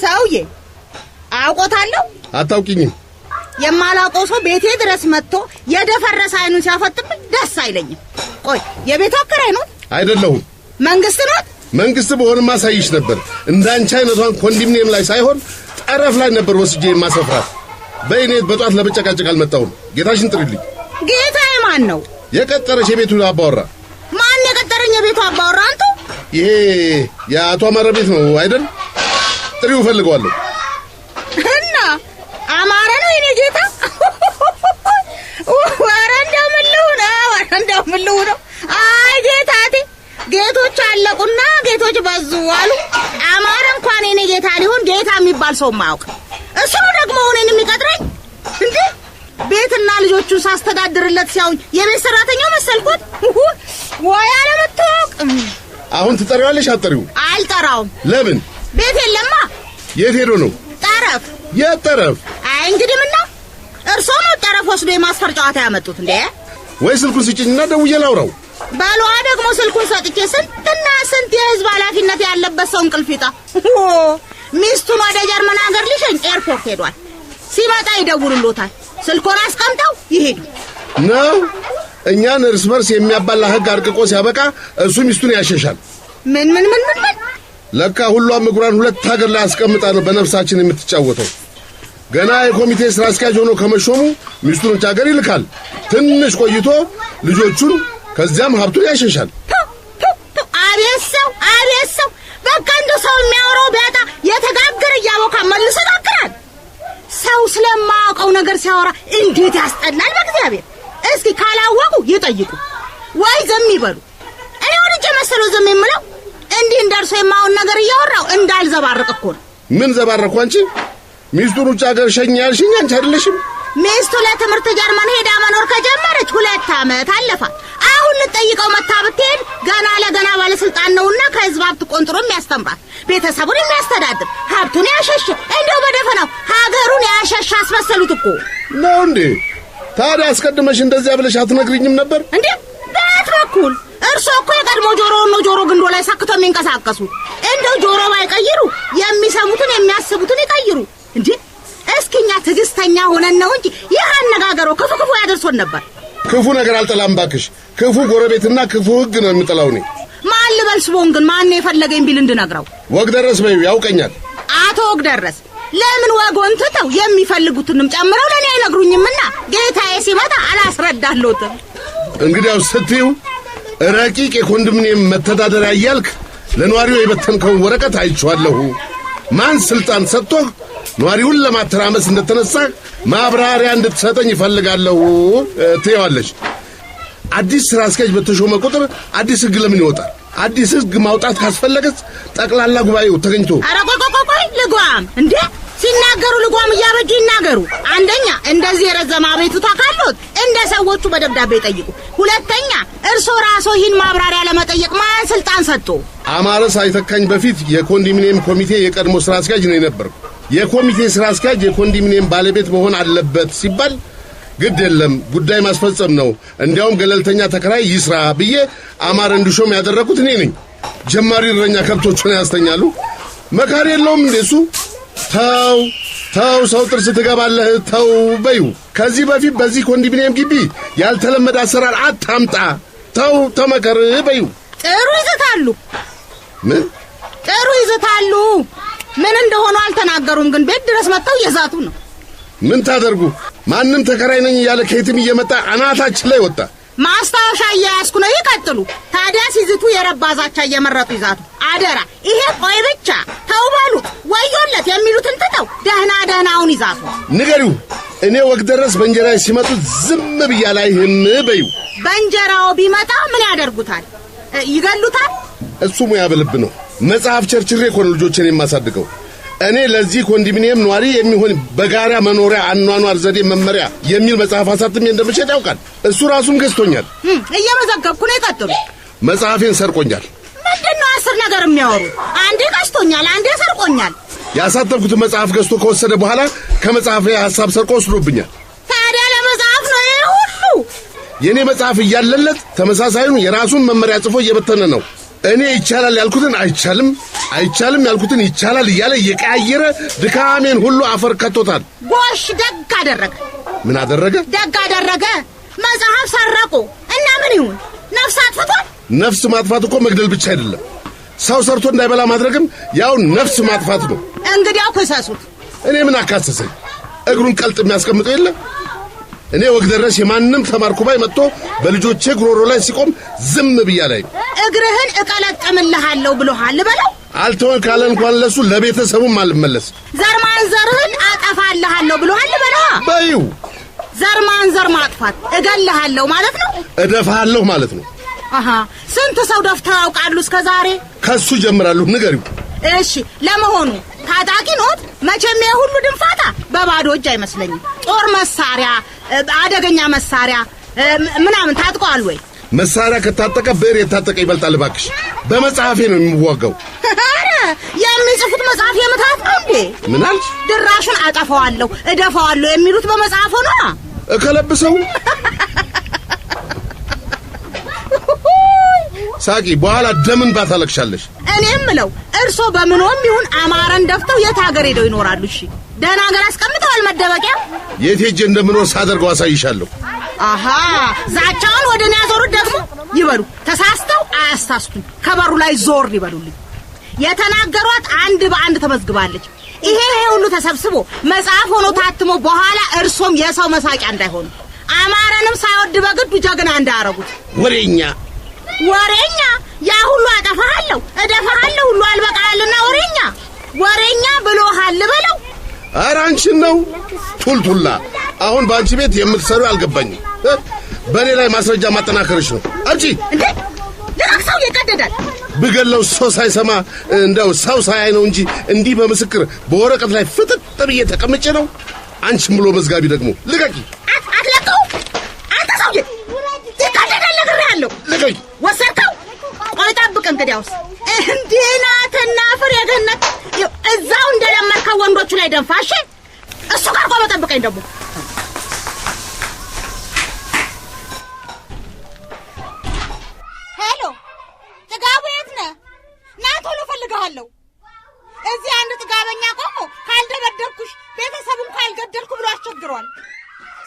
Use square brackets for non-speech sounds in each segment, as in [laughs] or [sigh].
ሰውዬ አውቆታለሁ። አታውቂኝም። የማላውቀው ሰው ቤቴ ድረስ መጥቶ የደፈረሰ አይኑን ሲያፈጥም ደስ አይለኝም። ቆይ የቤቱ አከራይ ነው አይደለሁም? መንግስት ነው? መንግስት በሆንም ማሳይሽ ነበር። እንዳንቺ አይነቷን ኮንዶሚኒየም ላይ ሳይሆን ጠረፍ ላይ ነበር ወስጄ የማሰፍራት። በእኔ በጧት ለመጨቃጨቅ አልመጣሁም። ጌታሽን ጥሪልኝ። ጌታዬ ማን ነው? የቀጠረሽ የቤቱ አባወራ። ማን የቀጠረኝ የቤቱ አባወራ? አንተ። ይሄ የአቶ አማረ ቤት ነው አይደል? ጥሪው እፈልገዋለሁ። እና አማረ ነው የኔ ጌታ። ኧረ እንደው ምን ልሁን? ኧረ እንደው ምን ልሁን ነው? አይ ጌታቴ፣ ጌቶች አለቁና ጌቶች በዙ አሉ። አማረ እንኳን የኔ ጌታ ሊሆን ጌታ የሚባል ሰው ማያውቅ እሱ ነው ደግሞ እኔን የሚቀጥረኝ እንዴ? ቤትና ልጆቹን ሳስተዳድርለት ሲያውኝ የቤት ሰራተኛው መሰልኩት። ወይ አለመታወቅ። አሁን ትጠሪዋለሽ? አጥሪው አልጠራውም። ለምን? ቤት የለም። የት ሄዶ ነው? ጠረፍ። የት ጠረፍ? አይ እንግዲህ ምን ነው እርሶ ነው ጠረፍ ወስዶ የማስፈር ጨዋታ ያመጡት እንዴ? ወይ ስልኩን ስጭኝና ደውዬ ላውራው። ባሏ ደግሞ ስልኩን ሰጥቼ ስንትና ስንት የህዝብ ኃላፊነት ያለበት ሰው እንቅልፍ ይጣ። ሚስቱን ወደ ጀርመን ሀገር ሊሸኝ ኤርፖርት ሄዷል። ሲመጣ ይደውሉሎታል። ስልኮን አስቀምጠው ይሄዱ ነው። እኛን እርስ በርስ የሚያባላ ህግ አርቅቆ ሲያበቃ እሱ ሚስቱን ያሸሻል። ምን ምን ምን ምን ምን ለካ ሁሏም እግሯን ሁለት ሀገር ላይ አስቀምጣ ነው በነፍሳችን የምትጫወተው። ገና የኮሚቴ ስራ አስኪያጅ ሆኖ ከመሾሙ ሚስቱን ውጭ ሀገር ይልካል። ትንሽ ቆይቶ ልጆቹን ከዚያም ሀብቱን ያሸሻል። አቤት ሰው፣ አቤት ሰው! በቃ እንደ ሰው የሚያወራው ቢያጣ የተጋገረ እያቦካ መልሶ ሰው ስለማያውቀው ነገር ሲያወራ እንዴት ያስጠላል! በእግዚአብሔር እስኪ ካላወቁ ይጠይቁ ወይ ዘም ይበሉ። እኔ ወድጄ መሰለው ዘም የምለው እንዲህ እንደርሶ የማውን ነገር እያወራው እንዳልዘባርቅ እኮ ነው። ምን ዘባረኩ? አንቺ ሚስቱን ውጭ ሀገር ሸኝ ያልሽኝ አንቺ አይደለሽም? ሚስቱ ለትምህርት ጀርመን ሄዳ መኖር ከጀመረች ሁለት ዓመት አለፋት። አሁን ልጠይቀው መታ ብትሄድ ገና ለገና ባለስልጣን ነውና ከህዝብ ሀብት ቆንጥሮ የሚያስተምራት ቤተሰቡን የሚያስተዳድር ሀብቱን ያሸሸ እንደው በደፈናው ሀገሩን ያሸሸ አስመሰሉት እኮ ነው እንዴ። ታዲያ አስቀድመሽ እንደዚያ ብለሽ አትነግሪኝም ነበር እንዴ? በት በኩል እርሶ እኮ የቀድሞ ጆሮውን ነው ጆሮ ግንዶ ላይ ሰክተው የሚንቀሳቀሱ። እንደው ጆሮ ባይቀይሩ የሚሰሙትን የሚያስቡትን ይቀይሩ እንጂ። እስኪኛ እኛ ትዕግስተኛ ሆነን ነው እንጂ ይህ አነጋገሮ ክፉ ክፉ ያደርሶን ነበር። ክፉ ነገር አልጠላም ባክሽ። ክፉ ጎረቤትና ክፉ ህግ ነው የምጠላው እኔ። ማን ልበል ስቦን ግን ማን የፈለገኝ ቢል እንድነግረው ወግ ደረስ በዩ ያውቀኛል። አቶ ወግ ደረስ ለምን ወጎን ትተው የሚፈልጉትንም ጨምረው ለእኔ አይነግሩኝምና ጌታዬ ሲመጣ አላስረዳለሁትም። እንግዲያው ስትዩ ረቂቅ የኮንዶሚኒየም መተዳደሪያ እያልክ ለነዋሪው የበተንከውን ወረቀት አይቼዋለሁ። ማን ስልጣን ሰጥቶህ ነዋሪውን ለማተራመስ እንደተነሳ ማብራሪያ እንድትሰጠኝ ይፈልጋለሁ ትየዋለች። አዲስ ስራ አስኪያጅ በተሾመ ቁጥር አዲስ ህግ ለምን ይወጣል? አዲስ ህግ ማውጣት ካስፈለገስ ጠቅላላ ጉባኤው ተገኝቶ ኧረ ቆይ ቆይ ቆይ ልጓም እንዴ ሲናገሩ ልጓም እያበጁ ይናገሩ። አንደኛ እንደዚህ የረዘመ አቤቱታ ካሉት እንደ ሰዎቹ በደብዳቤ ጠይቁ። ሁለተኛ እርሶ ራሶ ይህን ማብራሪያ ለመጠየቅ ማን ስልጣን ሰጥቶ? አማረ ሳይተካኝ በፊት የኮንዶሚኒየም ኮሚቴ የቀድሞ ስራ አስኪያጅ ነው የነበርኩ። የኮሚቴ ስራ አስኪያጅ የኮንዶሚኒየም ባለቤት መሆን አለበት ሲባል ግድ የለም ጉዳይ ማስፈጸም ነው፣ እንዲያውም ገለልተኛ ተከራይ ይስራ ብዬ አማረ እንዲሾም ያደረኩት እኔ ነኝ። ጀማሪ እረኛ ከብቶቹን ያስተኛሉ። መካሪ የለውም እንደሱ ተው ተው፣ ሰው ጥርስ ትገባለህ። ተው በዩ። ከዚህ በፊት በዚህ ኮንዶሚኒየም ግቢ ያልተለመደ አሰራር አታምጣ። ተው ተመከር በዩ። ጥሩ ይዘታሉ። ምን ጥሩ ይዘታሉ? ምን እንደሆኑ አልተናገሩም፣ ግን ቤት ድረስ መጥተው እየዛቱ ነው። ምን ታደርጉ? ማንም ተከራይ ነኝ እያለ ከየትም እየመጣ አናታችን ላይ ወጣ። ማስታወሻ እያያዝኩ ነው። ይቀጥሉ። ታዲያ ሲዝቱ የረባ ዛቻ እየመረጡ ይዛቱ። አደራ ይሄ ቆይ ብቻ ተው በሉት፣ ወዮለት የሚሉትን ትተው ደህና ደህናውን ይዛቱ። ንገሪው፣ እኔ ወግ ደረስ በእንጀራ ሲመጡ ዝም ብያ ላይ ህም በዩ። በእንጀራው ቢመጣ ምን ያደርጉታል? ይገሉታል። እሱ ሙያ በልብ ነው። መጽሐፍ ቸርችሬ እኮ ነው ልጆችን የማሳድገው። እኔ ለዚህ ኮንዶሚኒየም ኗሪ የሚሆን በጋራ መኖሪያ አኗኗር ዘዴ መመሪያ የሚል መጽሐፍ አሳትሜ እንደምሸጥ ያውቃል። እሱ ራሱም ገዝቶኛል። እየመዘገብኩ ነው። የቀጥሉ መጽሐፌን ሰርቆኛል። ምንድን ነው አስር ነገር የሚያወሩ? አንዴ ገዝቶኛል፣ አንዴ ሰርቆኛል። ያሳተምኩትን መጽሐፍ ገዝቶ ከወሰደ በኋላ ከመጽሐፍ ሀሳብ ሰርቆ ወስዶብኛል። ታዲያ ለመጽሐፍ ነው ይሄ ሁሉ? የእኔ መጽሐፍ እያለለት ተመሳሳዩን የራሱን መመሪያ ጽፎ እየበተነ ነው። እኔ ይቻላል ያልኩትን አይቻልም አይቻልም ያልኩትን ይቻላል እያለ እየቀያየረ ድካሜን ሁሉ አፈር ከቶታል። ጎሽ ደግ አደረገ። ምን አደረገ? ደግ አደረገ። መጽሐፍ ሰረቁ እና ምን ይሁን? ነፍስ አጥፍቷል። ነፍስ ማጥፋት እኮ መግደል ብቻ አይደለም። ሰው ሰርቶ እንዳይበላ ማድረግም ያው ነፍስ ማጥፋት ነው። እንግዲያው ክሰሱት። እኔ ምን አካሰሰኝ? እግሩን ቀልጥ የሚያስቀምጠው የለም? እኔ ወግ ደረስ የማንም ባይ መጥቶ በልጆቼ ጉሮሮ ላይ ሲቆም ዝም ብያ ላይ እግርህን እቀለጥምልሃለሁ ብሎሃል በለው። አልተወን ካለ እንኳን ለሱ ለቤተሰቡም አልመለስ። ዘር ማንዘርህን አጠፋልሃለሁ ብሎሃል በላ በዩ ዘር ማንዘር ማጥፋት እገልሃለሁ ማለት ነው፣ እደፋሃለሁ ማለት ነው። አሃ ስንት ሰው ደፍተው ያውቃሉ እስከ ዛሬ? ከሱ ጀምራለሁ። ንገሪው። እሺ፣ ለመሆኑ ታጣቂ ኖት? መቼም የሁሉ ድንፋታ በባዶ እጅ አይመስለኝም። ጦር መሳሪያ፣ አደገኛ መሳሪያ ምናምን ታጥቀዋል ወይ? መሳሪያ ከታጠቀ ብዕር የታጠቀ ይበልጣል። እባክሽ በመጽሐፌ ነው የምዋጋው። አረ የምጽፉት መጽሐፍ የምታት እንዴ? ምን አልሽ? ድራሹን አጠፋዋለሁ እደፋዋለሁ የሚሉት በመጽሐፉ ነው። እከለብሰው ሳቂ፣ በኋላ ደምን ባታለቅሻለሽ። እኔ እምለው እርሶ በምኖም ይሁን አማረን ደፍተው የት ሀገር ሄደው ይኖራሉ? እሺ ደህና ሀገር አስቀምጠዋል። መደበቂያ የት ሄጄ እንደምኖር ሳደርገው አሳይሻለሁ። አሃ ዛቻውን ወደ እኔ ያዞሩት ደግሞ ይበሉ። ተሳስተው አያሳስቱኝ። ከበሩ ላይ ዞር ይበሉልኝ። የተናገሯት አንድ በአንድ ተመዝግባለች። ይሄ ይሄ ሁሉ ተሰብስቦ መጽሐፍ ሆኖ ታትሞ በኋላ እርሶም የሰው መሳቂያ እንዳይሆኑ አማረንም ሳይወድ በግዱ ጀግና እንዳያረጉት። ወሬኛ ወሬኛ፣ ያ ሁሉ አጠፋሃለሁ እደፋሃለሁ ሁሉ አልበቃልና ወሬኛ ወሬኛ ብሎሃል ልበለው ኧረ አንቺን ነው ቱልቱላ። አሁን በአንቺ ቤት የምትሰሩ አልገባኝ። በእኔ ላይ ማስረጃ ማጠናከርሽ ነው። አምጪ። እንዴ ለራክሰው ይቀደዳል ብገለው ሰው ሳይሰማ እንደው ሰው ሳያይ ነው እንጂ እንዲህ በምስክር በወረቀት ላይ ፍጥጥ ብዬ ተቀምጬ ነው። አንቺም ብሎ መዝጋቢ ደግሞ ልቀቂ። አትለቀው አንተ ሰውዬ ትቀደዳል። ነግሬሃለሁ። ልቀቂ። ወሰድከው ቆይ ጠብቅ። እንግዲያውስ እንዲህ ናትና እዛው እንደለመድከው ወንዶቹ ላይ ደንፋሽ። እሱ ጋር ቆመ ጠብቀኝ ደግሞ ሄሎ ና ቶሎ እዚህ አንድ ጥጋበኛ ቆሞ ካልደበደብኩሽ ቤተሰቡን ካልገደልኩ ብሎ አስቸግሯል።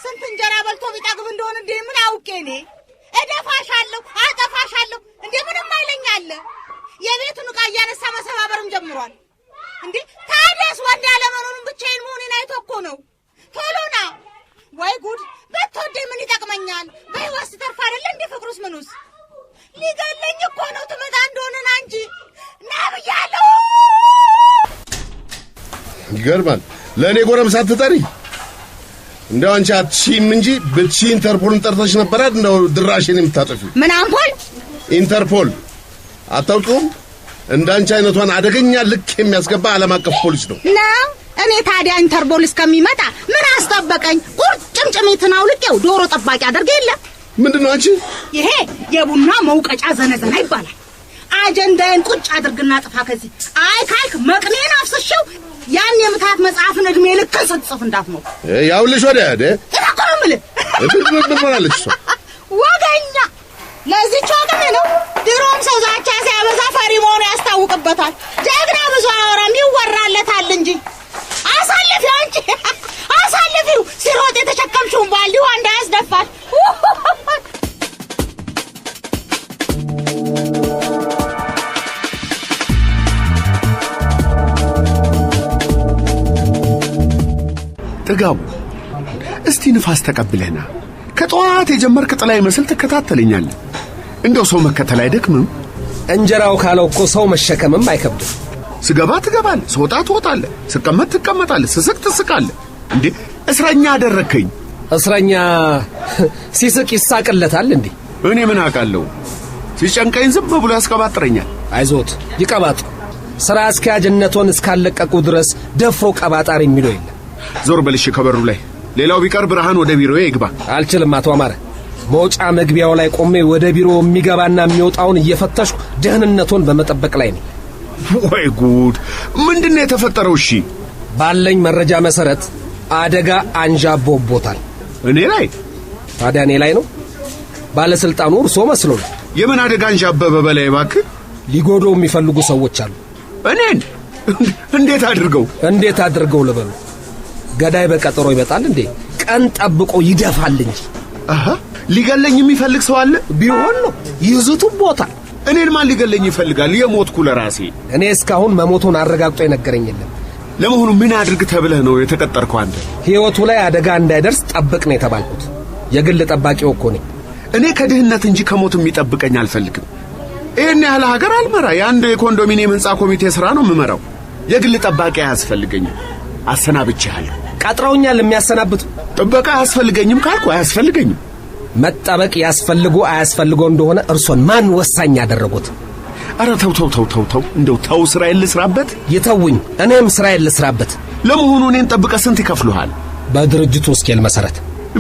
ስንት እንጀራ በልቶ ቢጠግብ እንደሆነ እንዲህ ምን አውቄ እኔ። እደፋሻለሁ፣ አጠፋሻለሁ እንዴ ምንም አይለኝ የቤቱን ዕቃ እያነሳ መሰባበርም ጀምሯል። እንዴ ታዲያስ ወንድ ያለመኖሩን ብቻዬን መሆኔን አይቶ እኮ ነው። ቶሎና ወይ ጉድ በትወደኝ ምን ይጠቅመኛል? በህይወት ስተርፍ አይደለ እንዴ ፍቅሩስ ምኑስ ሊገለኝ እኮ ነው። ትመጣ እንደሆነና እንጂ ና ብያለሁ። ይገርማል። ለእኔ ጎረምሳ ትጠሪ እንደው አንቺ አትሺም እንጂ ብትሺ ኢንተርፖልን ጠርተሽ ነበራት። እንደው ድራሽን የምታጠፊው ምን አምፖል ኢንተርፖል አታውቁም? እንዳንቺ አይነቷን አደገኛ ልክ የሚያስገባ ዓለም አቀፍ ፖሊስ ነው ነው። እኔ ታዲያ ኢንተርፖል እስከሚመጣ ምን አስጠበቀኝ? ቁርጭምጭሚትን አውልቄው ዶሮ ጠባቂ አደርግ የለም። ምንድን ነው አንቺ? ይሄ የቡና መውቀጫ ዘነዘና ይባላል። አጀንዳዬን ቁጭ አድርግና ጥፋ ከዚህ። አይ ካልክ መቅኔን አፍስሽው ያን የምታት መጽሐፍን እድሜ ልክ ስትጽፍ እንዳትሞት። ያውልሽ ወዲያ ደ ተቆምል ምን ሆናለች? ወገኛ ለዚች ሁሉም ሰው ዛቻ ሲያበዛ ፈሪ መሆኑ ያስታውቅበታል። ጀግና ብዙ አወራም ይወራለታል እንጂ አሳልፊ አንቺ አሳልፊው ሲሮጥ የተሸከምሽውን ባልዲ ዋንዳ ያስደፋል። ጥጋቡ እስቲ ንፋስ ተቀብለህና ከጠዋት የጀመርክ ጥላ ይመስል ትከታተለኛለህ። እንደው ሰው መከተል አይደክምም? እንጀራው ካለው እኮ ሰው መሸከምም አይከብድም። ስገባ ትገባለ፣ ስወጣ ትወጣለ፣ ስቀመጥ ትቀመጣለ፣ ስስቅ ትስቃለ። እንዴ እስረኛ አደረግከኝ። እስረኛ [laughs] ሲስቅ ይሳቅለታል እንዴ? እኔ ምን አውቃለሁ? ሲጨንቀኝ ዝም ብሎ ያስቀባጥረኛል። አይዞት ይቀባጥ። ሥራ አስኪያጅነቶን እስካለቀቁ ድረስ ደፍሮ ቀባጣሪ የሚለው የለም። ዞር በልሽ ከበሩ ላይ ሌላው ቢቀር ብርሃን ወደ ቢሮዬ ይግባ። አልችልም አቶ አማረ መውጫ መግቢያው ላይ ቆሜ ወደ ቢሮ የሚገባና የሚወጣውን እየፈተሽኩ ደህንነቱን በመጠበቅ ላይ ነው። ወይ ጉድ! ምንድን ነው የተፈጠረው? እሺ፣ ባለኝ መረጃ መሰረት አደጋ አንዣቦቦታል። እኔ ላይ ታዲያ እኔ ላይ ነው ባለስልጣኑ እርሶ መስሎ ነው። የምን አደጋ አንዣበበ በላይ? እባክህ ሊጎዶ የሚፈልጉ ሰዎች አሉ። እኔን እንዴት አድርገው እንዴት አድርገው ልበሉ? ገዳይ በቀጠሮ ይመጣል እንዴ? ቀን ጠብቆ ይደፋል እንጂ ሊገለኝ የሚፈልግ ሰው አለ? ቢሆን ነው ይዙትም ቦታ እኔን ማን ሊገለኝ ይፈልጋል? የሞትኩ ለራሴ። እኔ እስካሁን መሞቱን አረጋግጦ የነገረኝ የለም። ለመሆኑ ምን አድርግ ተብለህ ነው የተቀጠርከው? አንተ ሕይወቱ ላይ አደጋ እንዳይደርስ ጠብቅ ነው የተባልኩት። የግል ጠባቂው እኮ ነኝ እኔ። ከድህነት እንጂ ከሞት የሚጠብቀኝ አልፈልግም። ይህን ያህል ሀገር አልመራ። የአንድ የኮንዶሚኒየም ሕንፃ ኮሚቴ ሥራ ነው የምመራው። የግል ጠባቂ አያስፈልገኝም። አሰናብቼሃለሁ። ቀጥረውኛል የሚያሰናብቱ። ጥበቃ አያስፈልገኝም ካልኩ አያስፈልገኝም። መጠበቅ ያስፈልጉ አያስፈልጎ እንደሆነ እርሶን ማን ወሳኝ ያደረጉት? አረ ተው ተው ተው ተው ተው እንደው ተው፣ ስራዬን ልስራበት። ይተውኝ፣ እኔም ስራዬን ልስራበት። ለመሆኑ እኔን ጠብቀ ስንት ይከፍሉሃል? በድርጅቱ እስኬል መሰረት።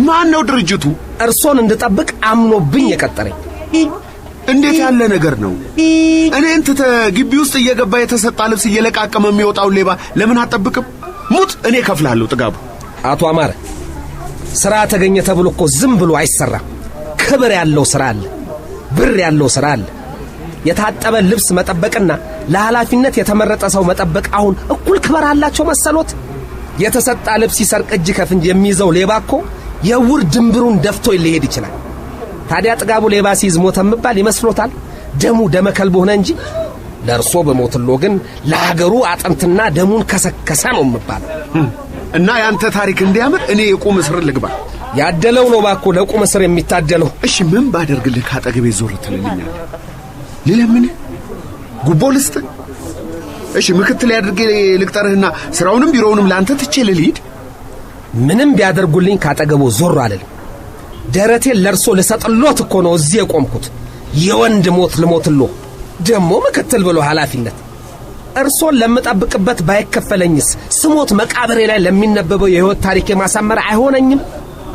ማን ነው ድርጅቱ እርሶን እንድጠብቅ አምኖብኝ የቀጠረኝ? እንዴት ያለ ነገር ነው? እኔን ትተ ግቢ ውስጥ እየገባ የተሰጣ ልብስ እየለቃቀመ የሚወጣውን ሌባ ለምን አጠብቅም? ሙት እኔ ከፍላለሁ። ጥጋቡ አቶ አማረ ስራ ተገኘ ተብሎ እኮ ዝም ብሎ አይሰራም። ክብር ያለው ስራ አለ፣ ብር ያለው ስራ አለ። የታጠበ ልብስ መጠበቅና ለኃላፊነት የተመረጠ ሰው መጠበቅ አሁን እኩል ክብር አላቸው መሰሎት? የተሰጣ ልብስ ይሰርቅ እጅ ከፍንጅ የሚይዘው ሌባ እኮ የውር ድንብሩን ደፍቶ ሊሄድ ይችላል። ታዲያ ጥጋቡ ሌባ ሲይዝ ሞተ የሚባል ይመስሎታል? ደሙ ደመ ሆነ እንጂ ለርሶ በሞትሎ ግን ለሀገሩ አጥንትና ደሙን ከሰከሰ ነው የምባለው። እና ያንተ ታሪክ እንዲያምር እኔ የቁም እስር ልግባ። ያደለው ነው ባኮ ለቁም እስር የሚታደለው። እሺ ምን ባደርግልህ ካጠገቤ ዞር ትልልኛል? ልለምን? ጉቦ ልስጥ? እሺ ምክትል ያድርጌ ልቅጠርህና ስራውንም ቢሮውንም ለአንተ ትቼ ልልሂድ? ምንም ቢያደርጉልኝ ካጠገቦ ዞር አልልም። ደረቴን ለእርሶ ልሰጥሎት እኮ ነው እዚህ የቆምኩት። የወንድ ሞት ልሞትሎ ደግሞ ምክትል ብሎ ኃላፊነት እርሶን ለምጠብቅበት ባይከፈለኝስ ስሞት መቃብሬ ላይ ለሚነበበው የሕይወት ታሪክ የማሳመር አይሆነኝም?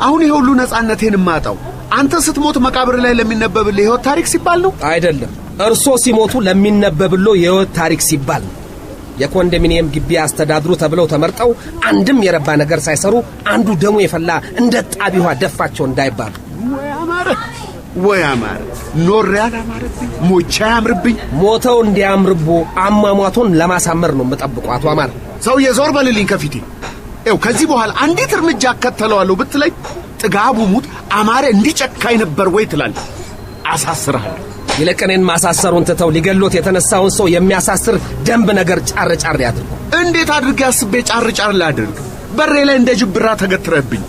አሁን ይሄ ሁሉ ነፃነቴን ማጣው አንተ ስትሞት መቃብር ላይ ለሚነበብልህ የሕይወት ታሪክ ሲባል ነው? አይደለም፣ እርሶ ሲሞቱ ለሚነበብሎ የሕይወት ታሪክ ሲባል ነው። የኮንዶሚኒየም ግቢ አስተዳድሩ ተብለው ተመርጠው አንድም የረባ ነገር ሳይሰሩ አንዱ ደሙ የፈላ እንደ ጣቢ ደፋቸው እንዳይባሉ ወይ አማረ ኖሬ አላማረብኝ፣ ሞቼ አያምርብኝ። ሞተው እንዲያምርቦ አሟሟቶን ለማሳመር ነው የምጠብቁ። አቶ አማረ ሰው የዞር በልልኝ ከፊቴ። ኤው ከዚህ በኋላ አንዲት እርምጃ አከተለዋለሁ ብትለኝ ጥጋቡ ሙት አማረ እንዲህ ነበር ወይ ትላል አሳስርሃለሁ። ይልቅ እኔን ማሳሰሩን ትተው ሊገሎት የተነሳውን ሰው የሚያሳስር ደንብ ነገር ጫር ጫር ያድርጉ። እንዴት አድርጌ አስቤ ጫር ጫር ላድርግ? በሬ ላይ እንደ ጅብራ ተገትረብኝ።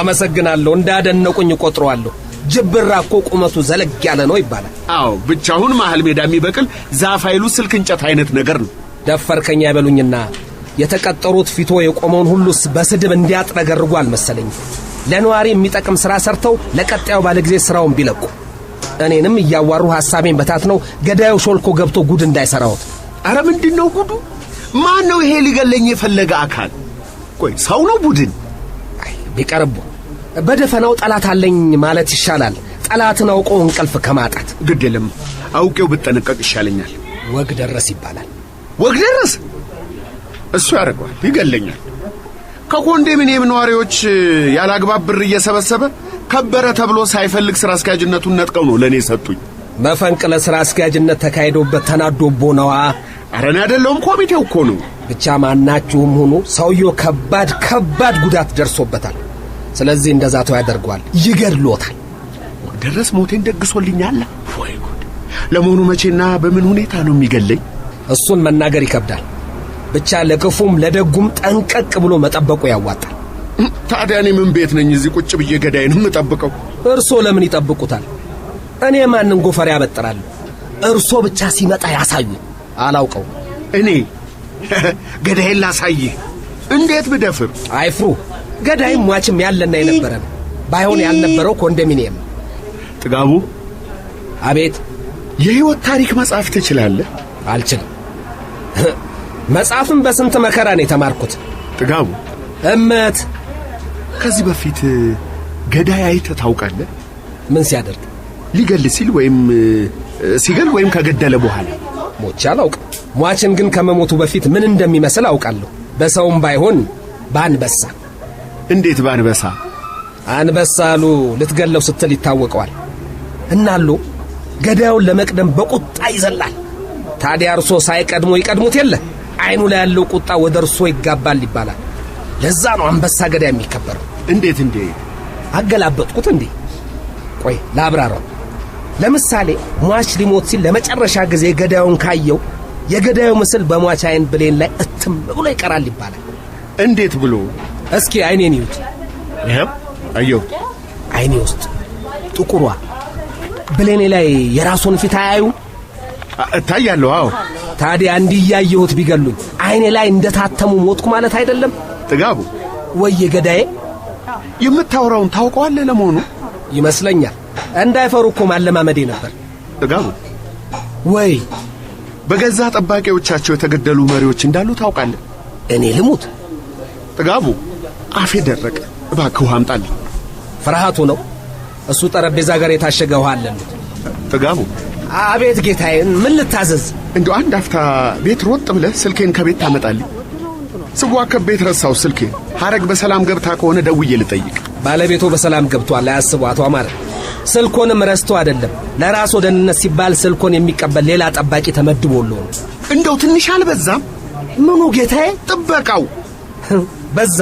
አመሰግናለሁ። እንዳደነቁኝ ቆጥሮአለሁ ጅብራ እኮ ቁመቱ ዘለግ ያለ ነው ይባላል። አዎ ብቻውን መሀል ሜዳ የሚበቅል ዛፍ ኃይሉ ስልክ እንጨት አይነት ነገር ነው። ደፈርከኝ አይበሉኝና የተቀጠሩት ፊቶ የቆመውን ሁሉ በስድብ እንዲያጥረገርጉ አልመሰለኝ። ለነዋሪ የሚጠቅም ሥራ ሰርተው ለቀጣዩ ባለጊዜ ሥራውን ቢለቁ እኔንም እያዋሩ ሐሳቤን በታት ነው። ገዳዩ ሾልኮ ገብቶ ጉድ እንዳይሠራውት። አረ ምንድን ነው ጉዱ? ማን ነው ይሄ ሊገለኝ የፈለገ አካል? ቆይ ሰው ነው ቡድን ቢቀርቡ በደፈናው ጠላት አለኝ ማለት ይሻላል ጠላትን አውቆ እንቅልፍ ከማጣት። ግድ የለም አውቄው ብጠነቀቅ ይሻለኛል። ወግ ደረስ ይባላል። ወግ ደረስ እሱ ያደርገዋል፣ ይገለኛል። ከኮንዶሚኒየም ነዋሪዎች ያላግባብ ብር እየሰበሰበ ከበረ ተብሎ ሳይፈልግ ስራ አስኪያጅነቱን ነጥቀው ነው ለእኔ ሰጡኝ። መፈንቅለ ስራ አስኪያጅነት ተካሂዶበት ተናዶቦ ነዋ። ኧረ እኔ አይደለሁም ኮሚቴው እኮ ነው። ብቻ ማናችሁም ሁኑ ሰውየው ከባድ ከባድ ጉዳት ደርሶበታል። ስለዚህ እንደዛ ተው ያደርገዋል፣ ይገድሎታል። ደረስ ሞቴን ደግሶልኛል። ወይ ጉድ! ለመሆኑ መቼና በምን ሁኔታ ነው የሚገለኝ? እሱን መናገር ይከብዳል። ብቻ ለክፉም ለደጉም ጠንቀቅ ብሎ መጠበቁ ያዋጣል። ታዲያ እኔ ምን ቤት ነኝ? እዚህ ቁጭ ብዬ ገዳይን የምጠብቀው? እርሶ ለምን ይጠብቁታል? እኔ ማንን ጎፈሬ ያበጥራል? እርሶ ብቻ ሲመጣ ያሳዩ አላውቀው እኔ [laughs] ገዳይን ላሳይህ። እንዴት ብደፍር አይፍሩ። ገዳይም ሟችም ያለና የነበረ ባይሆን ያልነበረው ኮንዶሚኒየም። ጥጋቡ፣ አቤት። የህይወት ታሪክ መጻፍ ትችላለህ? አልችልም። መጽሐፍም በስንት መከራ ነው የተማርኩት። ጥጋቡ፣ እመት፣ ከዚህ በፊት ገዳይ አይተ ታውቃለህ? ምን ሲያደርግ? ሊገል ሲል ወይም ሲገል ወይም ከገደለ በኋላ ሞቼ አላውቅም። ሟችን ግን ከመሞቱ በፊት ምን እንደሚመስል አውቃለሁ። በሰውም ባይሆን በአንበሳ እንዴት በአንበሳ አንበሳ አሉ ልትገለው ስትል ይታወቀዋል እናሉ ገዳዩን ለመቅደም በቁጣ ይዘላል ታዲያ እርሶ ሳይቀድሞ ይቀድሙት የለ አይኑ ላይ ያለው ቁጣ ወደ እርሶ ይጋባል ይባላል ለዛ ነው አንበሳ ገዳ የሚከበረው እንዴት እንዴ አገላበጥኩት እንዴ ቆይ ላብራራው ለምሳሌ ሟች ሊሞት ሲል ለመጨረሻ ጊዜ ገዳዩን ካየው የገዳዩ ምስል በሟች አይን ብሌን ላይ እትም ብሎ ይቀራል ይባላል እንዴት ብሎ እስኪ አይኔን ይዩት። ይሄም አየሁ። አይኔ ውስጥ ጥቁሯ ብሌኔ ላይ የራሱን ፊት አያዩ እታያለሁ። አዎ። ታዲያ እንዲያየሁት ቢገሉኝ አይኔ ላይ እንደታተሙ ሞትኩ ማለት አይደለም? ጥጋቡ ወይ ገዳዬ፣ የምታወራውን ታውቀዋለህ ለመሆኑ? ይመስለኛል። እንዳይፈሩ እኮ ማለማመዴ ነበር። ጥጋቡ ወይ በገዛ ጠባቂዎቻቸው የተገደሉ መሪዎች እንዳሉ ታውቃለህ። እኔ ልሙት ጥጋቡ አፌ ደረቀ። እባክህ ውሃ አምጣልኝ። ፍርሃቱ ነው። እሱ ጠረጴዛ ጋር የታሸገ ውሃ አለን። ጥጋቡ። አቤት ጌታዬ፣ ምን ልታዘዝ? እንዲ አንድ አፍታ ቤት ሮጥ ብለህ ስልኬን ከቤት ታመጣልኝ። ስዋከብ ቤት ረሳው ስልኬን። ሐረግ በሰላም ገብታ ከሆነ ደውዬ ልጠይቅ። ባለቤቱ በሰላም ገብቷል፣ አያስቡ አቶ አማረ። ስልኮንም ረስቶ አይደለም፣ ለራሱ ደህንነት ሲባል ስልኮን የሚቀበል ሌላ ጠባቂ ተመድቦሎ ነው። እንደው ትንሽ አልበዛም? ምኑ ጌታዬ? ጥበቃው በዛ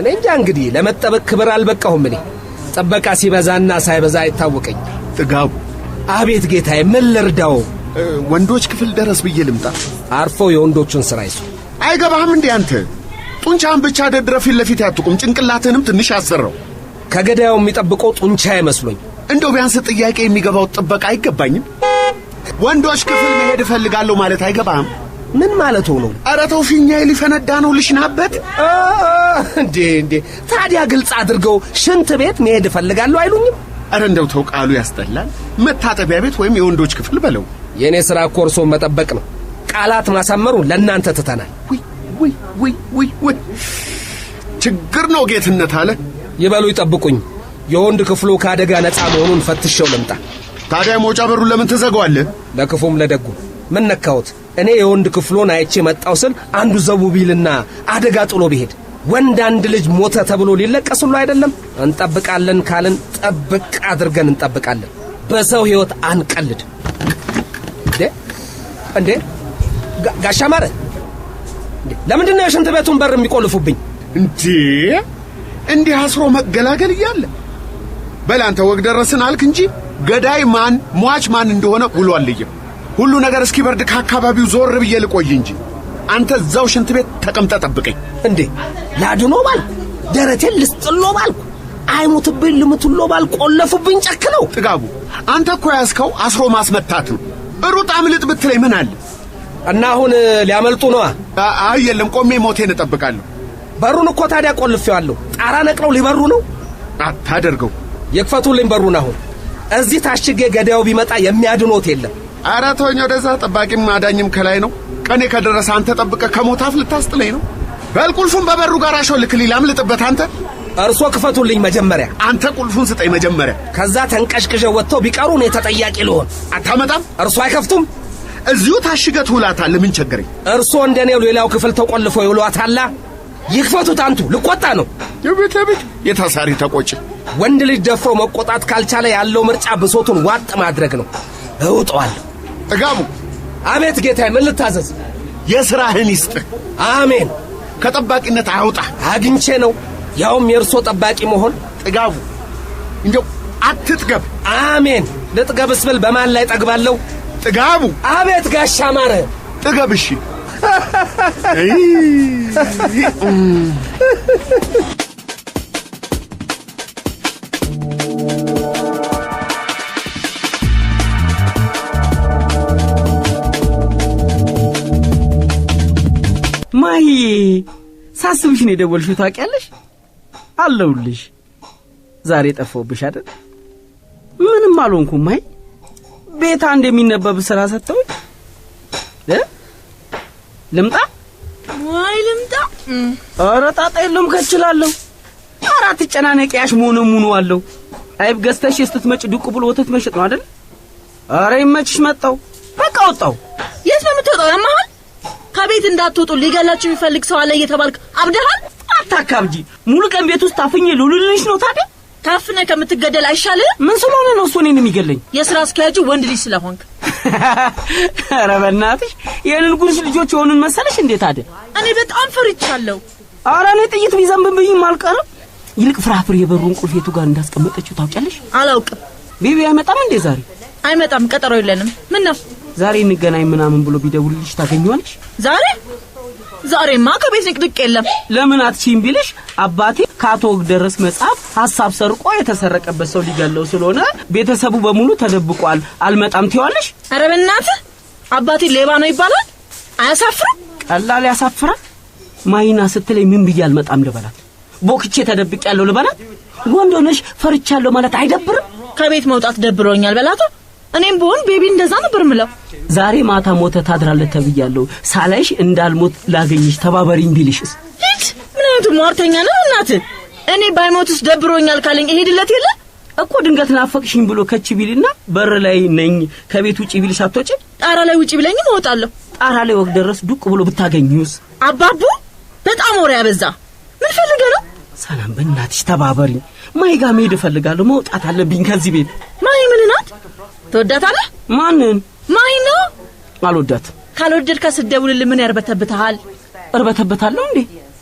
እኔ እንጃ እንግዲህ ለመጠበቅ ክብር አልበቃሁም። እኔ ጥበቃ ሲበዛና ሳይበዛ አይታወቀኝ። ጥጋቡ አቤት ጌታዬ፣ ምን ልርዳው? ወንዶች ክፍል ደረስ ብዬ ልምጣ። አርፎ የወንዶቹን ሥራ ይሱ አይገባህም እንዴ አንተ? ጡንቻህን ብቻ ደድረ ፊት ለፊት ያትቁም፣ ጭንቅላትህንም ትንሽ አሰረው። ከገዳዩ የሚጠብቀው ጡንቻ አይመስሎኝ። እንደው ቢያንስ ጥያቄ የሚገባው ጥበቃ አይገባኝም? ወንዶች ክፍል መሄድ እፈልጋለሁ ማለት አይገባህም? ምን ማለት ነው? ኧረ ተው ፊኛዬ ሊፈነዳ ነው ልሽናበት። እንዴ እንዴ! ታዲያ ግልጽ አድርገው ሽንት ቤት መሄድ እፈልጋለሁ አይሉኝም? አረ እንደው ተው፣ ቃሉ ያስጠላል። መታጠቢያ ቤት ወይም የወንዶች ክፍል በለው። የእኔ ሥራ እኮ እርሶን መጠበቅ ነው። ቃላት ማሳመሩን ለእናንተ ትተናል። ውይ ውይ ውይ ውይ! ችግር ነው ጌትነት አለ። ይበሉ ይጠብቁኝ። የወንድ ክፍሉ ከአደጋ ነፃ መሆኑን ፈትሸው ልምጣ። ታዲያ መውጫ በሩን ለምን ትዘጋዋለህ? ለክፉም ለደጉ ምን ነካሁት? እኔ የወንድ ክፍሎን አይቼ መጣው ስል አንዱ ዘቡ ቢልና አደጋ ጥሎ ቢሄድ ወንድ አንድ ልጅ ሞተ ተብሎ ሊለቀስ ሁሉ አይደለም። እንጠብቃለን ካልን ጠብቅ አድርገን እንጠብቃለን። በሰው ህይወት አንቀልድ። እንዴ ጋሻ ማረ፣ ለምንድን ነው የሽንት ቤቱን በር የሚቆልፉብኝ? እንዴ እንዲህ አስሮ መገላገል እያለ በላንተ ወግ ደረስን አልክ እንጂ ገዳይ ማን ሟች ማን እንደሆነ ውሎ ሁሉ ነገር እስኪበርድ ከአካባቢው ዞር ብዬ ልቆይ እንጂ አንተ እዛው ሽንት ቤት ተቀምጠ ጠብቀኝ። እንዴ ላድኖ ባልኩ፣ ደረቴን ልስጥሎ ባልኩ፣ አይሙትብኝ ልምትሎ ባልኩ፣ ቆለፉብኝ ነው ጥጋቡ አንተ እኮ ያዝከው አስሮ ማስመታት ነው። ሩጥ አምልጥ ብትለኝ ምን አለ እና አሁን ሊያመልጡ ነዋ። አይ የለም፣ ቆሜ ሞቴን እጠብቃለሁ። በሩን እኮ ታዲያ ቆልፌዋለሁ። ጣራ ነቅለው ሊበሩ ነው። አታደርገው። የክፈቱልኝ በሩን። አሁን እዚህ ታሽጌ ገዳዩ ቢመጣ የሚያድኖት የለም። አረ ተወኝ ወደዛ። ጠባቂም አዳኝም ከላይ ነው። ቀኔ ከደረሰ አንተ ጠብቀ ከሞታፍ አፍ ልታስጥለኝ ነው። በል ቁልፉን በበሩ ጋር አሾልክ፣ ሊላም ልጥበት። አንተ እርሶ ክፈቱልኝ መጀመሪያ። አንተ ቁልፉን ስጠኝ መጀመሪያ። ከዛ ተንቀሽቅሸው ወጥተው ቢቀሩ እኔ ተጠያቂ ልሆን። አታመጣም? እርሶ አይከፍቱም? እዚሁ ታሽገት ውላታል። ምን ቸገረኝ? እርሶ እንደኔው ሌላው ክፍል ተቆልፎ ይውሏታላ። ይክፈቱት። አንቱ ልቆጣ ነው። የቤት ቤት የታሳሪ ተቆጭ። ወንድ ልጅ ደፍሮ መቆጣት ካልቻለ ያለው ምርጫ ብሶቱን ዋጥ ማድረግ ነው። እውጠዋለሁ ጥጋቡ አቤት ጌታዬ፣ ምን ልታዘዝ? የሥራህን ይስጥ። አሜን። ከጠባቂነት አውጣ አግኝቼ ነው ያውም የእርሶ ጠባቂ መሆን። ጥጋቡ እንዲያው አትጥገብ። አሜን። ልጥገብ ስብል በማን ላይ ጠግባለሁ? ጥጋቡ አቤት ጋሻ ማረ ጥገብ። እሺ [laughs] ማሂዬ ሳስብሽ ነው የደወልሽው ታውቂያለሽ አለሁልሽ ዛሬ ጠፋሁብሽ አይደል ምንም አልሆንኩም ማይ ቤት አንድ የሚነበብ ስራ ሰጥተውኝ ልምጣ ወይ ልምጣ ኧረ ጣጣ የለውም ከችላለሁ ኧረ አትጨናነቂያሽ መሆንም ሙኑ አለው አይብ ገዝተሽ ስትመጪ ዱቅ ብሎ ወተት መሸጥ ነው አይደል ኧረ ይመችሽ መጣው በቃ ወጣው የት ነው የምትወጣው እንዳትወጡ ሊገላችሁ የሚፈልግ ሰው አለ እየተባልክ አብደሃል። አታካብጂ። ሙሉ ቀን ቤት ውስጥ ታፍኜ ልውልልሽ ነው ታዲያ? ታፍነ ከምትገደል አይሻልህ? ምን ስለሆነ ነው እሱ እኔን የሚገለኝ? የስራ አስኪያጁ ወንድ ልጅ ስለሆንክ። [laughs] ኧረ በእናትሽ የእኔን ጉንሽ ልጆች የሆኑን መሰለሽ እንዴት አደ እኔ በጣም ፈርቻለሁ። ኧረ እኔ ጥይት ቢዘንብብኝም አልቀርም። ይልቅ ፍራፍሬ የበሩን ቁልፍ የቱ ጋር እንዳስቀመጠችው ታውቂያለሽ? አላውቅም። ቤቢ አይመጣም እንዴ ዛሬ? አይመጣም፣ ቀጠሮ የለንም። ምን ነው ዛሬ እንገናኝ ምናምን ብሎ ቢደውልልሽ ታገኘዋለሽ? ዛሬ ዛሬማ ከቤት ድቅድቅ የለም። ለምን አትችይም ቢልሽ አባቴ ከአቶ ደረስ መጽሐፍ ሀሳብ ሰርቆ የተሰረቀበት ሰው ሊገለው ስለሆነ ቤተሰቡ በሙሉ ተደብቋል፣ አልመጣም ትይዋለሽ? ኧረ በእናትህ አባቴ ሌባ ነው ይባላል። አያሳፍርም? ቀላል ያሳፍራል። ማይና ስትለኝ ምን ብዬ አልመጣም ልበላት? ቦክቼ ተደብቄያለሁ ልበላት? ወንድ ሆነሽ ፈርቻለሁ ማለት አይደብርም? ከቤት መውጣት ደብሮኛል በላታ እኔም ብሆን ቤቢ እንደዛ ነበር ምለው። ዛሬ ማታ ሞተ ታድራለህ ተብያለሁ። ሳላይሽ እንዳልሞት ላገኝሽ ተባበሪኝ ቢልሽስ? ሂድ። ምን አይነቱ ሟርተኛ ነው እናት። እኔ ባይሞትስ ደብሮኛል ካለኝ እሄድለት የለ እኮ ድንገት ናፈቅሽኝ ብሎ ከች ቢልና በር ላይ ነኝ ከቤት ውጪ ቢልሽ አትወጪ? ጣራ ላይ ውጪ ብለኝ እወጣለሁ። ጣራ ላይ ወቅ ድረስ ዱቅ ብሎ ብታገኙስ? አባቡ በጣም ወሬ ያበዛ። ምን ፈልገ ነው? ሰላም፣ በእናትሽ ተባበሪኝ። ማይ ጋር መሄድ እፈልጋለሁ። መውጣት አለብኝ ከዚህ ቤት። ማይ ምንና ትወዳታለህ? ማንን? ማይ ነው። አልወዳትም። ካልወደድካ ስትደውልልህ ምን ያርበተብትሃል? እርበተብታለሁ እንዴ?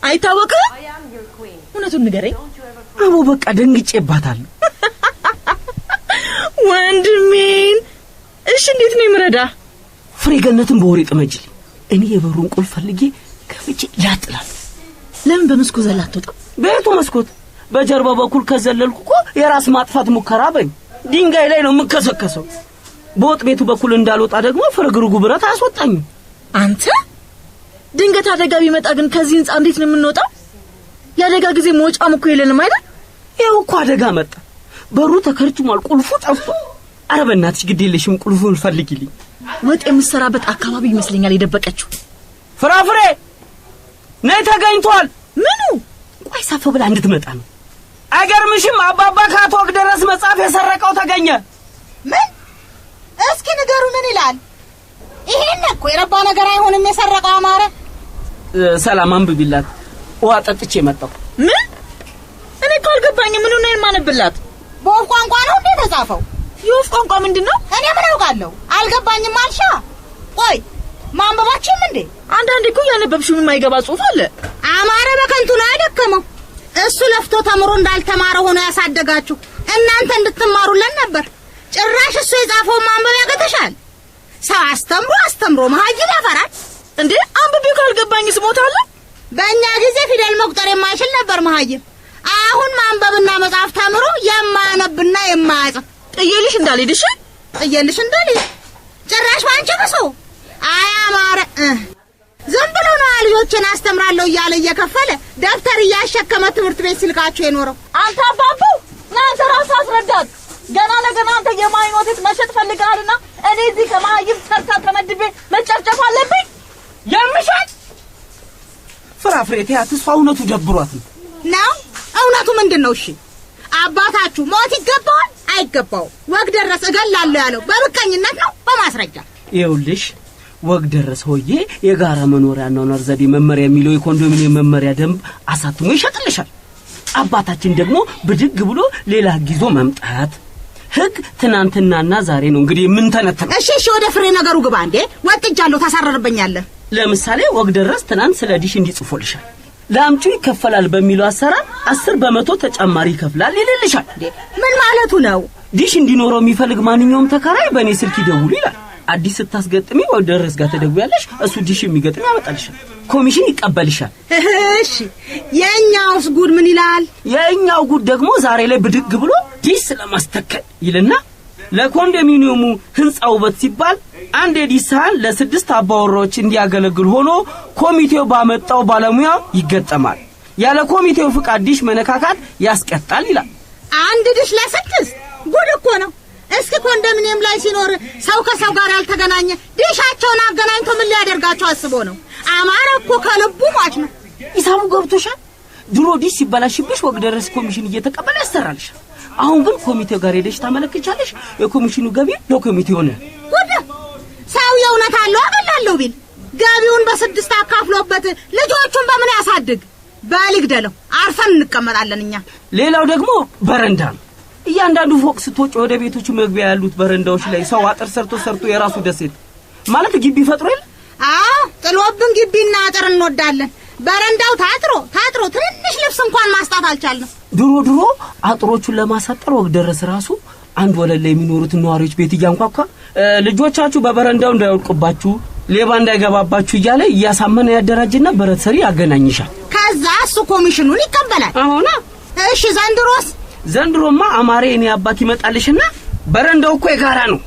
አይታወቅም። እውነቱን ንገረኝ። አቦ በቃ ደንግጬባታለሁ። [laughs] ወንድሜን። እሺ እንዴት ነው የምረዳ? ፍሬ ገነትን በወሬ ጥመጅልኝ። እኔ የበሩን ቁልፍ ፈልጌ ከፍቼ ላጥላል። ለምን በመስኮት ዘላ አትወጣም? ቤቱ መስኮት በጀርባ በኩል ከዘለልኩ እኮ የራስ ማጥፋት ሙከራ በኝ ድንጋይ ላይ ነው የምከሰከሰው። በወጥ ቤቱ በኩል እንዳልወጣ ደግሞ ፍርግርጉ ብረት አያስወጣኝም። አንተ ድንገት አደጋ ቢመጣ ግን ከዚህ ህንፃ እንዴት ነው የምንወጣው? የአደጋ ጊዜ መውጫም እኮ የለንም አይደል? ይኸው እኮ አደጋ መጣ። በሩ ተከርችሟል፣ ቁልፉ ጠፋ። ኧረ በእናትሽ ግድ የለሽም ቁልፉን ፈልጊልኝ። ወጥ የምትሰራበት አካባቢ ይመስለኛል የደበቀችው። ፍራፍሬ ነይ ተገኝቷል። ምኑ? ቆይ ሳፈው ብላ እንድትመጣ ነው አይገርምሽም? አባባ ካቶክ ድረስ መጽሐፍ የሰረቀው ተገኘ። ምን? እስኪ ንገሩ፣ ምን ይላል? ይሄን እኮ የረባ ነገር አይሆንም የሰረቀው አማረ። ሰላም አንብቢላት። ውሃ ጠጥቼ መጣሁ። ምን? እኔ እኮ አልገባኝም። ምኑን ነው የማነብላት? በወፍ ቋንቋ ነው እንዴ ተጻፈው? የወፍ ቋንቋ ምንድን ነው? እኔ ምን አውቃለሁ? አልገባኝም አልሻ። ቆይ ማንበባችም እንዴ? አንዳንዴ እኮ ያነበብሽው የማይገባ ጽሁፍ አለ አማረ። እሱ ለፍቶ ተምሮ እንዳልተማረ ሆኖ ያሳደጋችሁ እናንተ እንድትማሩለን ነበር። ጭራሽ እሱ የጻፈውን ማንበብ ያገተሻል። ሰው አስተምሮ አስተምሮ መሀይም ያፈራል እንዴ! አንብቤ ካልገባኝ ስሞታለሁ። በእኛ ጊዜ ፊደል መቁጠር የማይችል ነበር መሀይም። አሁን ማንበብና መጻፍ ተምሮ የማያነብና የማያጽፍ ጥየልሽ እንዳልሄድሽ ጥየልሽ እንዳልሄድ ጭራሽ ባንቺ ብሶ አያማረ ዝም ብሎ ነው ልጆችን አስተምራለሁ እያለ እየከፈለ ደብተር እያሸከመ ትምህርት ቤት ስልካቸው የኖረው። አንተ አባቡ ለአንተ ራስህ አስረዳት። ገና ለገና አንተ የማይኖቴት መሸጥ ፈልግሃልና እኔ እዚህ ከማይም ሰርታ ተመድቤ መጨፍጨፍ አለብኝ። የምሸጥ ፍራፍሬ ትያት እሷ እውነቱ ደብሯት ነው ነው። እውነቱ ምንድን ነው? እሺ አባታችሁ ሞት ይገባዋል አይገባው ወግ ደረስ እገላለሁ ያለው በምቀኝነት ነው በማስረጃ ይኸውልሽ ወግ ደረሰ ሆዬ የጋራ መኖሪያ ኗኗር ዘዴ መመሪያ የሚለው የኮንዶሚኒየም መመሪያ ደንብ አሳትሞ ይሸጥልሻል። አባታችን ደግሞ ብድግ ብሎ ሌላ ህግ ይዞ መምጣት። ህግ ትናንትናና ዛሬ ነው እንግዲህ የምንተነተነው። እሺ እሺ፣ ወደ ፍሬ ነገሩ ግባ። እንዴ ወጥጃለሁ፣ ታሳረርበኛለህ። ለምሳሌ ወግ ደረስ ትናንት ስለ ዲሽ እንዲጽፎልሻል ለአምጩ ይከፈላል በሚለው አሰራር አስር በመቶ ተጨማሪ ይከፍላል ይልልሻል። ምን ማለቱ ነው? ዲሽ እንዲኖረው የሚፈልግ ማንኛውም ተከራይ በእኔ ስልክ ይደውሉ ይላል። አዲስ ስታስገጥሚ ወደ ርዕስ ጋር ተደውያለሽ። እሱ ዲሽ የሚገጥም ያመጣልሻል፣ ኮሚሽን ይቀበልሻል። እሺ የእኛውስ ጉድ ምን ይላል? የእኛው ጉድ ደግሞ ዛሬ ላይ ብድግ ብሎ ዲስ ለማስተከል ይልና ለኮንዶሚኒየሙ ህንፃ ውበት ሲባል አንድ የዲሽ ሳህን ለስድስት አባወራዎች እንዲያገለግል ሆኖ ኮሚቴው ባመጣው ባለሙያ ይገጠማል። ያለ ኮሚቴው ፍቃድ ዲሽ መነካካት ያስቀጣል ይላል። አንድ ዲሽ ለስድስት ጉድ እኮ ነው። እስኪ ኮንዶሚኒየም ላይ ሲኖር ሰው ከሰው ጋር ያልተገናኘ ዲሻቸውን አገናኝቶ ምን ሊያደርጋቸው አስቦ ነው? አማረ እኮ ከልቡ ሟች ነው። ኢሳሙ ገብቶሻል? ድሮ ዲሽ ሲበላሽብሽ ወግ ደረስ ኮሚሽን እየተቀበለ ያሰራልሽ። አሁን ግን ኮሚቴው ጋር ሄደሽ ታመለክቻለሽ። የኮሚሽኑ ገቢ ለኮሚቴው ሆነ። ወደ ሰው እውነት አለው አበላለሁ ቢል ገቢውን በስድስት አካፍሎበት ልጆቹን በምን ያሳድግ? በልግደለው። አርፈን እንቀመጣለን እኛ። ሌላው ደግሞ በረንዳ ነው። እያንዳንዱ ፎቅ ስትወጪ ወደ ቤቶቹ መግቢያ ያሉት በረንዳዎች ላይ ሰው አጥር ሰርቶ ሰርቶ የራሱ ደሴት ማለት ግቢ ፈጥሮ የለ? አዎ ጥሎብን ግቢና አጥር እንወዳለን። በረንዳው ታጥሮ ታጥሮ ትንሽ ልብስ እንኳን ማስጣት አልቻለም። ድሮ ድሮ አጥሮቹን ለማሳጠር ወግ ደረስ ራሱ አንድ ወለል ላይ የሚኖሩትን ነዋሪዎች ቤት እያንኳኳ ልጆቻችሁ በበረንዳው እንዳይወድቅባችሁ፣ ሌባ እንዳይገባባችሁ እያለ እያሳመነ ያደራጅና ብረት ሰሪ ያገናኝሻል። ከዛ እሱ ኮሚሽኑን ይቀበላል። አሁና እሺ ዘንድሮስ ዘንድሮማ አማሬ እኔ አባት ይመጣልሽና በረንዳው እኮ የጋራ ነው።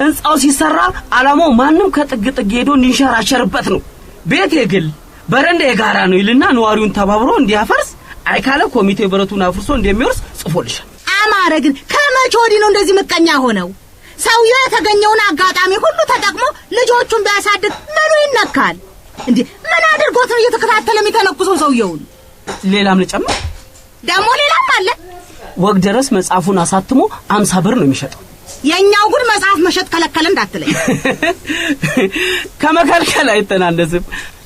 ህንፃው ሲሰራ አላማው ማንም ከጥግ ጥግ ሄዶ እንዲንሸራሸርበት ነው። ቤት የግል በረንዳ የጋራ ነው ይልና ነዋሪውን ተባብሮ እንዲያፈርስ አይካለ ኮሚቴ ብረቱን አፍርሶ እንደሚወርስ ጽፎልሻል። አማረ ግን ከመቼ ወዲህ ነው እንደዚህ ምቀኛ ሆነው? ሰውየው የተገኘውን አጋጣሚ ሁሉ ተጠቅሞ ልጆቹን ቢያሳድግ ምኑ ይነካል? እንዴ ምን አድርጎት ነው እየተከታተለ የሚተነኩሰው ሰውየውን? ሌላም ልጨምር ደግሞ ሌላም አለ ወግ ደረስ መጽሐፉን አሳትሞ አምሳ ብር ነው የሚሸጠው። የእኛው ጉድ መጽሐፍ መሸጥ ከለከለ እንዳትለኝ። [laughs] ከመከልከል አይተናነስም።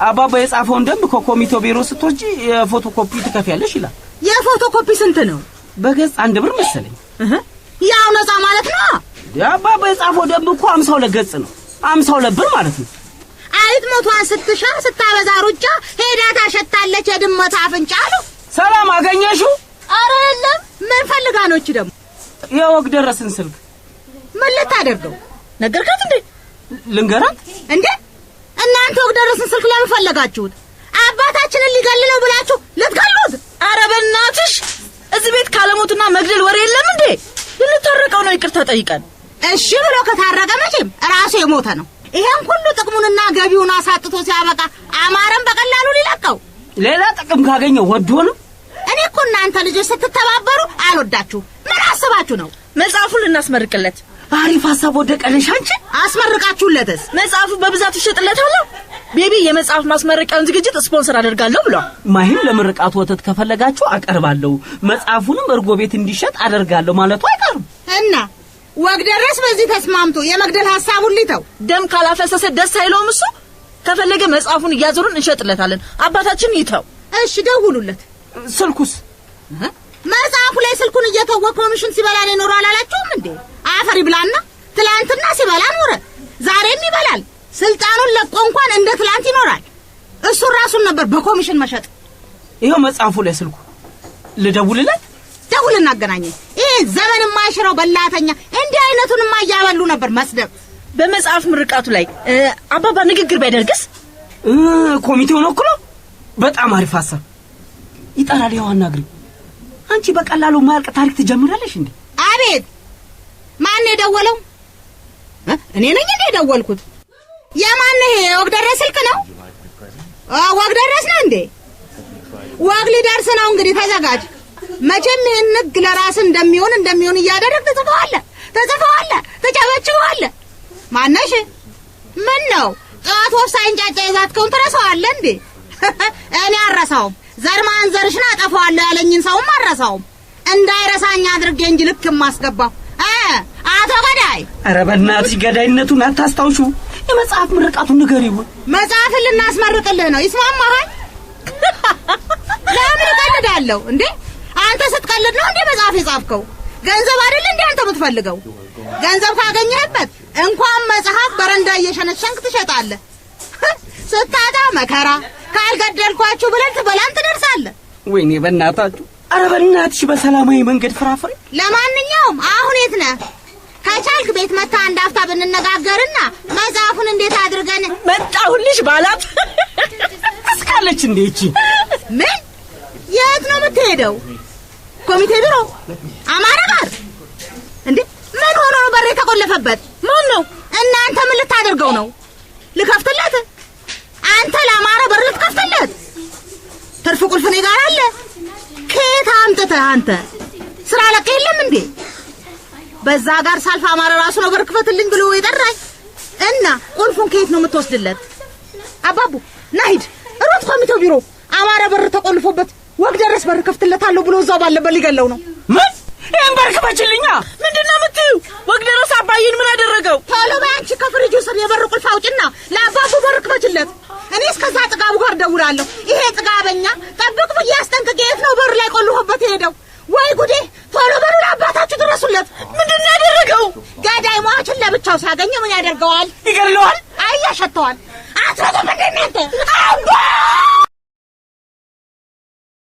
አባባ የጻፈውን ደንብ ከኮሚቴው ቢሮ ስትወጪ የፎቶኮፒ ትከፍያለሽ ይላል። የፎቶኮፒ ስንት ነው? በገጽ አንድ ብር መሰለኝ። ያው ነጻ ማለት ነው። አባባ የጻፈው ደንብ እኮ አምሳ ሁለት ገጽ ነው። አምሳ ሁለት ብር ማለት ነው። አይጥ ሞቷን ስትሻ ስታበዛ ሩጫ ሄዳ ታሸታለች የድመት አፍንጫ አሉ። ሰላም አገኘሹ? አረ የለም ምን ፈልጋ ነው? እቺ ደግሞ የወግ ደረስን ስልክ ምን ልታደርገው ነገርካት እንዴ? ልንገራት እንዴ? እናንተ ወግ ደረስን ስልክ ለምን ፈለጋችሁት? አባታችንን ሊገል ብላችሁ ልትገሉት? አረ በእናትሽ እዚህ ቤት ካለሞትና መግደል ወሬ የለም እንዴ? ልንታረቀው ነው ይቅርታ ጠይቀን። እሺ ብሎ ከታረቀ መቼም ራሱ የሞተ ነው። ይሄን ሁሉ ጥቅሙንና ገቢውን አሳጥቶ ሲያበቃ አማረን በቀላሉ ሊለቀው ሌላ ጥቅም ካገኘው ወዶ ነው እኔ እኮ እናንተ ልጆች ስትተባበሩ አልወዳችሁ። ምን አስባችሁ ነው? መጽሐፉን ልናስመርቅለት። አሪፍ ሀሳብ ወደቀልሽ አንቺ። አስመርቃችሁለትስ? መጽሐፉ በብዛት ይሸጥለታለሁ። ቤቢ የመጽሐፍ ማስመረቂያውን ዝግጅት ስፖንሰር አደርጋለሁ ብሏል። ማሂም ለምርቃቱ ወተት ከፈለጋችሁ አቀርባለሁ፣ መጽሐፉንም እርጎ ቤት እንዲሸጥ አደርጋለሁ ማለቱ አይቀርም እና ወግ ደረስ በዚህ ተስማምቶ የመግደል ሀሳቡን ሊተው ደም ካላፈሰሰ ደስ አይለውም። እሱ ከፈለገ መጽሐፉን እያዞሩን እንሸጥለታለን። አባታችን ይተው። እሺ ደውሉለት። ስልኩስ መጽሐፉ ላይ ስልኩን እየተወ ኮሚሽን ሲበላ ነው የኖረው አላላችሁም እንዴ? አፈሪ ብላና ትላንትና ሲበላ ኖረ፣ ዛሬም ይበላል። ስልጣኑን ለቆ እንኳን እንደ ትላንት ይኖራል። እሱን ራሱን ነበር በኮሚሽን መሸጥ። ይኸው መጽሐፉ ላይ ስልኩ። ልደውልለት፣ ደውል፣ እናገናኘ። ይህ ዘመን የማይሽረው በላተኛ እንዲህ አይነቱን እያበሉ ነበር መስደብ። በመጽሐፍ ምርቃቱ ላይ አባባ ንግግር ቢያደርግስ? ኮሚቴውን ወክሎ በጣም አሪፍ ሀሳብ ይጠራል። ያው አናግሪው። አንቺ በቀላሉ ማያልቅ ታሪክ ትጀምራለሽ እንዴ? አቤት፣ ማን ነው የደወለው? እኔ ነኝ እንዴ የደወልኩት? የማን ነው ይሄ? ወግደረስ ስልክ ነው? ወግደረስ ነው እንዴ? ወግ ሊደርስ ነው እንግዲህ ተዘጋጅ። መቼም ይህን ህግ ለራስህ እንደሚሆን እንደሚሆን እያደረግ ትጽፈዋለህ፣ ትጽፈዋለህ፣ ትጨበጭበዋለህ። ማነሽ? ምን ነው ጠዋት ወፍ ሳይንጫጫ የዛትከውን ትረሳዋለህ እንዴ? [laughs] እኔ አልረሳውም። ዘር ማንዘርሽን አጠፋዋለሁ ያለኝን ሰውም አረሳውም። እንዳይረሳኝ አድርጌ እንጂ ልክ የማስገባው አቶ ገዳይ። ኧረ በእናትሽ ገዳይነቱን አታስታውሹ። የመጽሐፍ ምርቃቱን ንገሪው። መጽሐፍን ልናስመርቅልህ ነው። ይስማማሃል? ለምን እቀልዳለሁ እንዴ? አንተ ስትቀልድ ነው እንዴ መጽሐፍ የጻፍከው? ገንዘብ አይደል እንዴ አንተ የምትፈልገው? ገንዘብ ካገኘህበት እንኳን መጽሐፍ በረንዳ እየሸነሸንክ ትሸጣለህ። ስታጣ መከራ ካልገደልኳችሁ ብለን ትበላም ትደርሳለህ። ወይኔ በእናታችሁ! አረ በእናትሽ በሰላማዊ መንገድ ፍራፍሬ። ለማንኛውም አሁን የት ነህ? ከቻልክ ቤት መታ አንድ አፍታ ብንነጋገርና መጽሐፉን እንዴት አድርገን መጣሁልሽ ባላት እስካለች እንዴች ምን የት ነው የምትሄደው? ኮሚቴ ቢሮ አማረ ባር እንዴ? ምን ሆኖ ነው በሬ ተቆለፈበት? ማን ነው? እናንተ ምን ልታደርገው ነው? ልከፍትለት አንተ ለአማረ በር ልትከፍትለት ትርፍ ቁልፍ እኔ ጋር አለ። ከየት አምጥተህ አንተ ስራ ለቀ የለም እንዴ? በዛ ጋር ሳልፍ አማረ ራሱ ነው በር ክፈትልኝ ብሎ የጠራኝ እና ቁልፉን ከየት ነው የምትወስድለት? አባቡ ናሂድ ሩት ኮሚቴው ቢሮ አማረ በር ተቆልፎበት ወግ ደረስ በር ከፍትለታለሁ ብሎ እዛው ባለበት ሊገለው ነው። ምን ይህን በር ክፈችልኛ? ምንድን ነው የምትዩ? ወግ ደረስ አባይን ምን አደረገው? ቶሎ በይ አንቺ ከፍሪጁ ስር የበር ቁልፍ አውጭና ለአባቡ በር ክፈችለት። እኔ እስከዛ ጥጋቡ ጋር ደውላለሁ። ይሄ ጥጋበኛ ጠብቅ ብዬ አስጠንቅቄ የት ነው በሩ ላይ ቆልፎበት የሄደው? ወይ ጉዴ! ቶሎ በሩ ለአባታችሁ ድረሱለት። ምንድን ነው ያደረገው? ገዳይ ሟችን ለብቻው ሲያገኘ ምን ያደርገዋል? ይገለዋል። አይ ያሸተዋል። አትረቱም አባ